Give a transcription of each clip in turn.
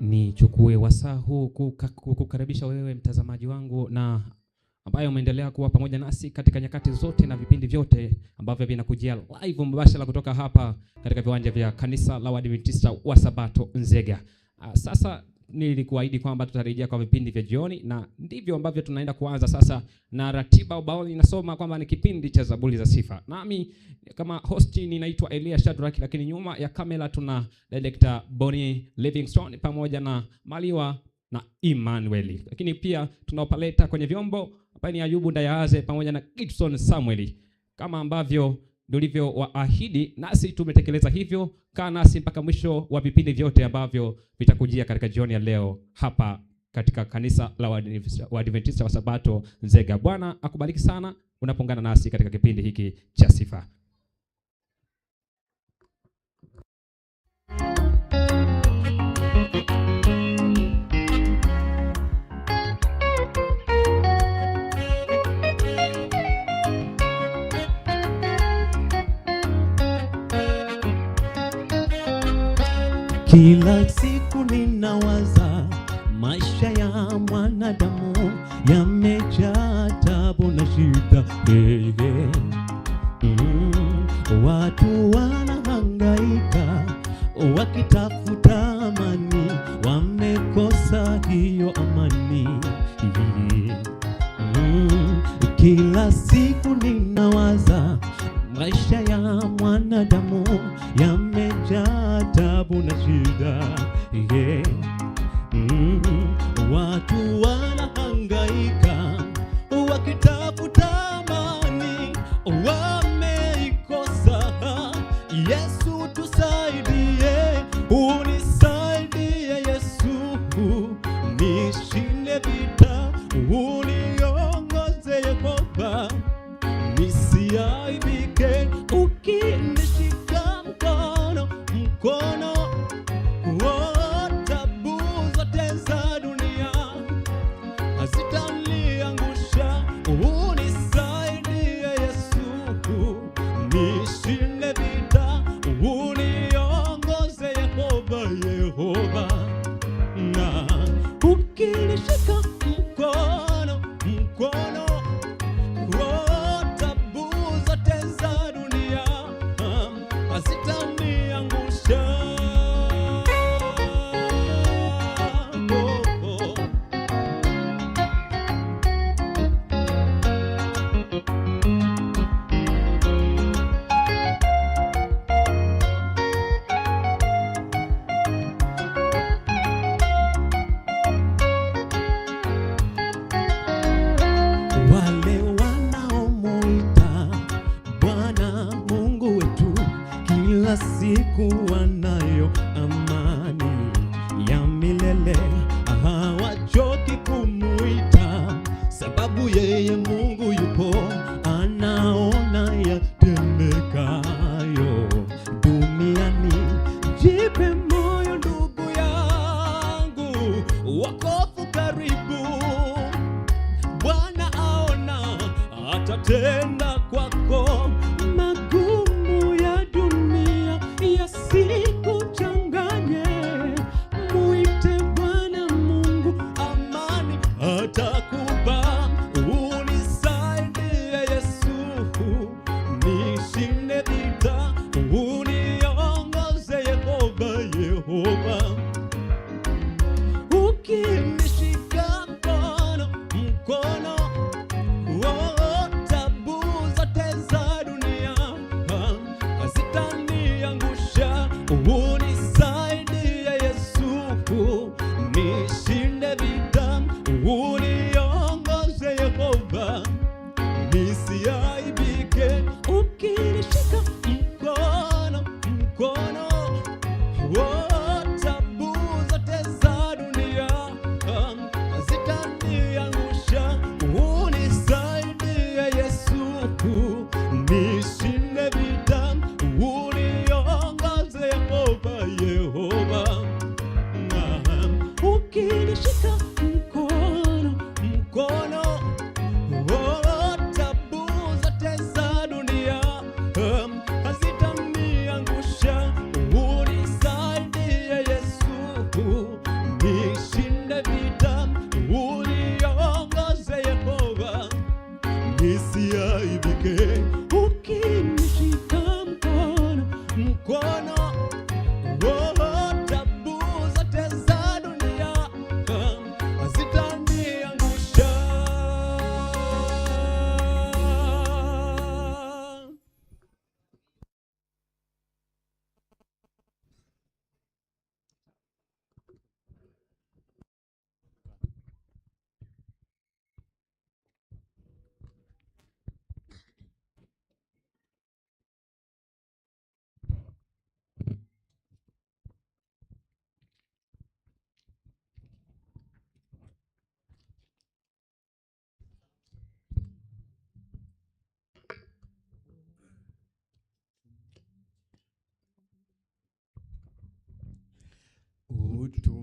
Nichukue wasaa huu kukaribisha wewe mtazamaji wangu na ambaye umeendelea kuwa pamoja nasi katika nyakati zote na vipindi vyote ambavyo vinakujia live mbashara kutoka hapa katika viwanja vya kanisa la Waadventista wa Sabato Nzega. Ah, sasa nilikuahidi kwamba tutarejea kwa vipindi vya jioni, na ndivyo ambavyo tunaenda kuanza sasa na ratiba ubaoni. Inasoma kwamba ni kipindi cha Zaburi za Sifa, nami kama host ninaitwa Elia Shadrack, lakini nyuma ya kamera tuna director Bonnie Livingstone pamoja na Maliwa na Emmanuel, lakini pia tunaopaleta kwenye vyombo hapa ni Ayubu Ndayaze pamoja na Gibson Samuel, kama ambavyo waahidi, nasi tumetekeleza hivyo. Kaa nasi mpaka mwisho wa vipindi vyote ambavyo vitakujia katika jioni ya leo hapa katika kanisa la Waadventista wa Sabato Nzega. Bwana akubariki sana unapoungana nasi katika kipindi hiki cha sifa. Kila siku ninawaza maisha ya mwanadamu yamejaa tabu na shida. Hey, hey. Mm, watu wanahangaika wakitafuta amani, wamekosa hiyo amani. Mm, kila siku ninawaza maisha ya mwanadamu yame I became. sikuwa nayo amani ya milele. Hawachoki kumuita, sababu yeye Mungu yupo, anaona yatendekayo duniani. Jipe moyo ndugu yangu, wakofu karibu, Bwana aona atatenda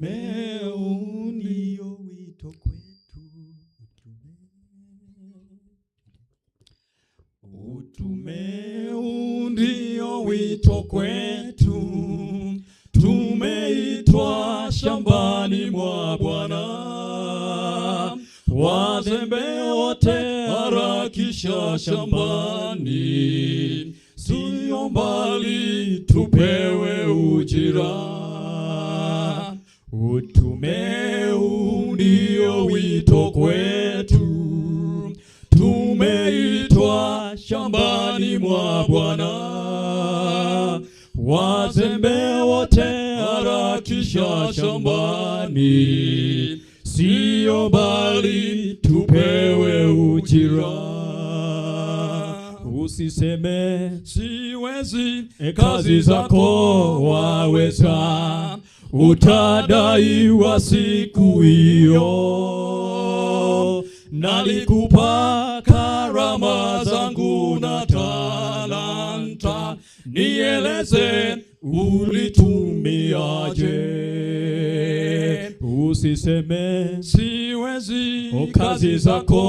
Leo wito kwetu utume, utume ndio wito kwetu, tumeitwa shambani mwa Bwana, wazembe wote harakisha shambani, sio mbali tupewe ujira Utume ndio wito kwetu, tumeitwa shambani mwa Bwana. Wazembe wote harakisha shambani, sio bali tupewe ujira. Usiseme siwezi, kazi zako waweza utadaiwa siku hiyo. Nalikupa karama zangu na talanta, nieleze ulitumiaje? Usiseme siwezi, kazi zako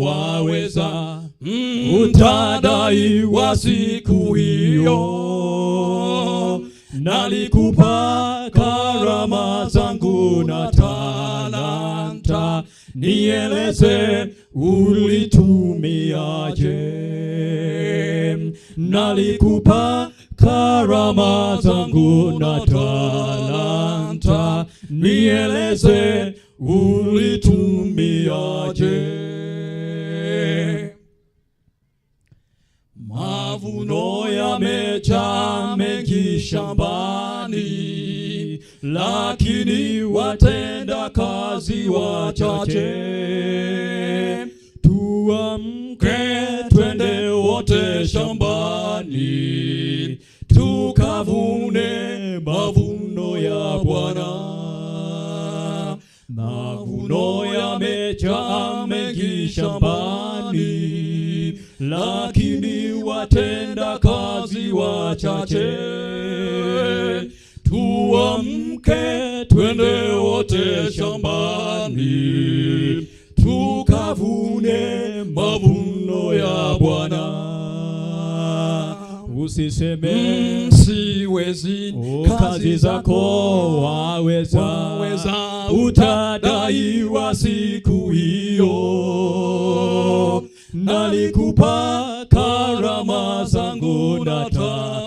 waweza. Mm, utadaiwa siku hiyo. Nalikupa karama zangu na talanta, nieleze ulitumiaje. Nalikupa karama zangu na talanta, nieleze ulitumiaje. Mavuno yamejaa mengi shambani lakini watenda kazi wachache. Tuamke twende wote shambani, tukavune mavuno ya Bwana. Mavuno yamejaa mengi shambani, lakini watenda kazi wachache tuamke, twende wote shambani tukavune mavuno ya Bwana. Usiseme siwezi, oh, kazi zako waweza, utadaiwa siku hiyo. Nalikupa karama zangu na taa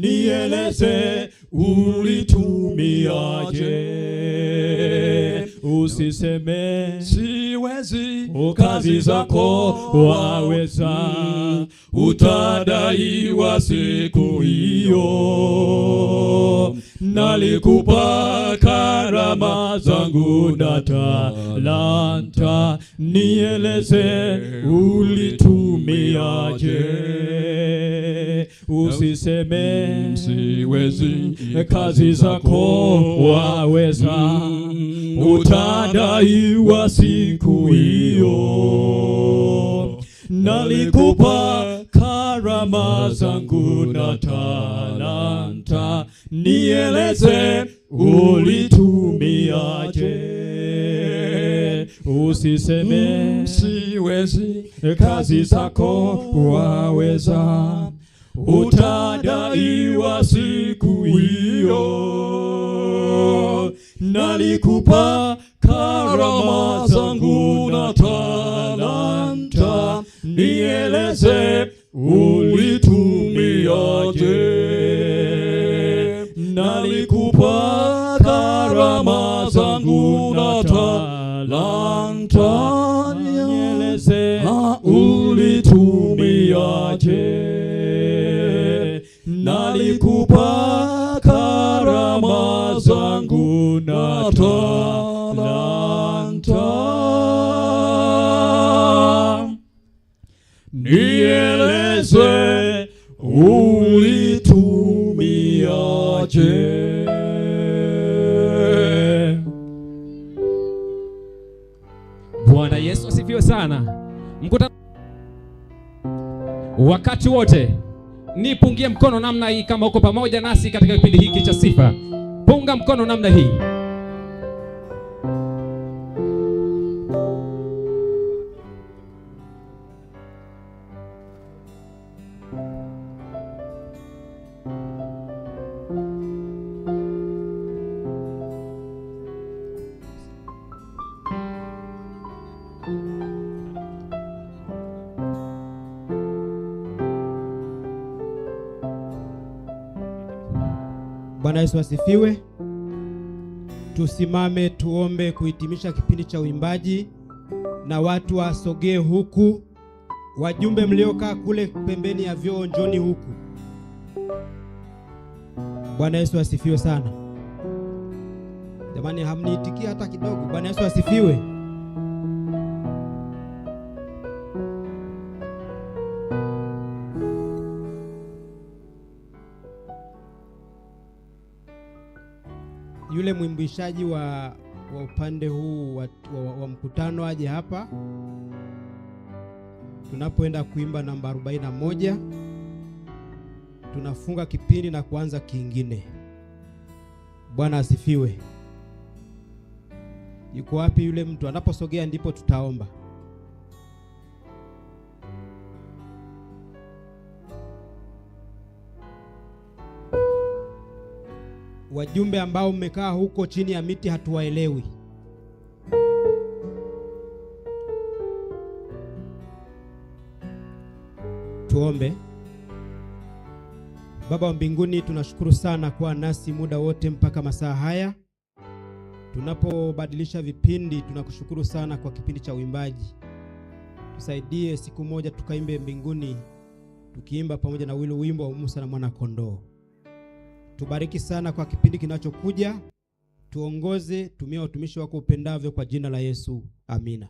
nieleze ulitumiaje usiseme siwezi, kazi zako waweza, utadaiwa siku hiyo. Nalikupa karama zangu na talanta, nieleze ulitumiaje? Usiseme siwezi, kazi zako waweza mm utadaiwa siku hiyo. Nalikupa karama zangu na talanta, nieleze ulitumiaje? Usiseme siwezi, kazi zako waweza, utadaiwa siku hiyo nalikupa karama zangu na talanta, nieleze ulitumiaje? Nalikupa karama zangu na talanta, nieleze ulitumiaje? Nalikupa talanta. Nieleze ulitumiaje? Bwana Yesu asifiwe sana. Mkuta wakati wote nipungie mkono namna hii, kama uko pamoja nasi katika kipindi hiki cha sifa, punga mkono namna hii. Bwana Yesu asifiwe. Tusimame tuombe kuhitimisha kipindi cha uimbaji, na watu wasogee huku. Wajumbe mliokaa kule pembeni ya vyoo, njoni huku. Bwana Yesu asifiwe sana. Jamani, hamniitikia hata kidogo. Bwana Yesu asifiwe. mwimbishaji wa, wa upande huu wa, wa, wa mkutano aje hapa tunapoenda kuimba namba 41 tunafunga kipindi na kuanza kingine. Bwana asifiwe. Yuko wapi yule mtu? Anaposogea ndipo tutaomba. wajumbe ambao mmekaa huko chini ya miti hatuwaelewi. Tuombe. Baba wa mbinguni, tunashukuru sana kwa nasi muda wote mpaka masaa haya tunapobadilisha vipindi. Tunakushukuru sana kwa kipindi cha uimbaji, tusaidie siku moja tukaimbe mbinguni, tukiimba pamoja na wilo wimbo wa Musa na mwana kondoo tubariki sana kwa kipindi kinachokuja, tuongoze, tumia watumishi wako upendavyo, kwa jina la Yesu, amina.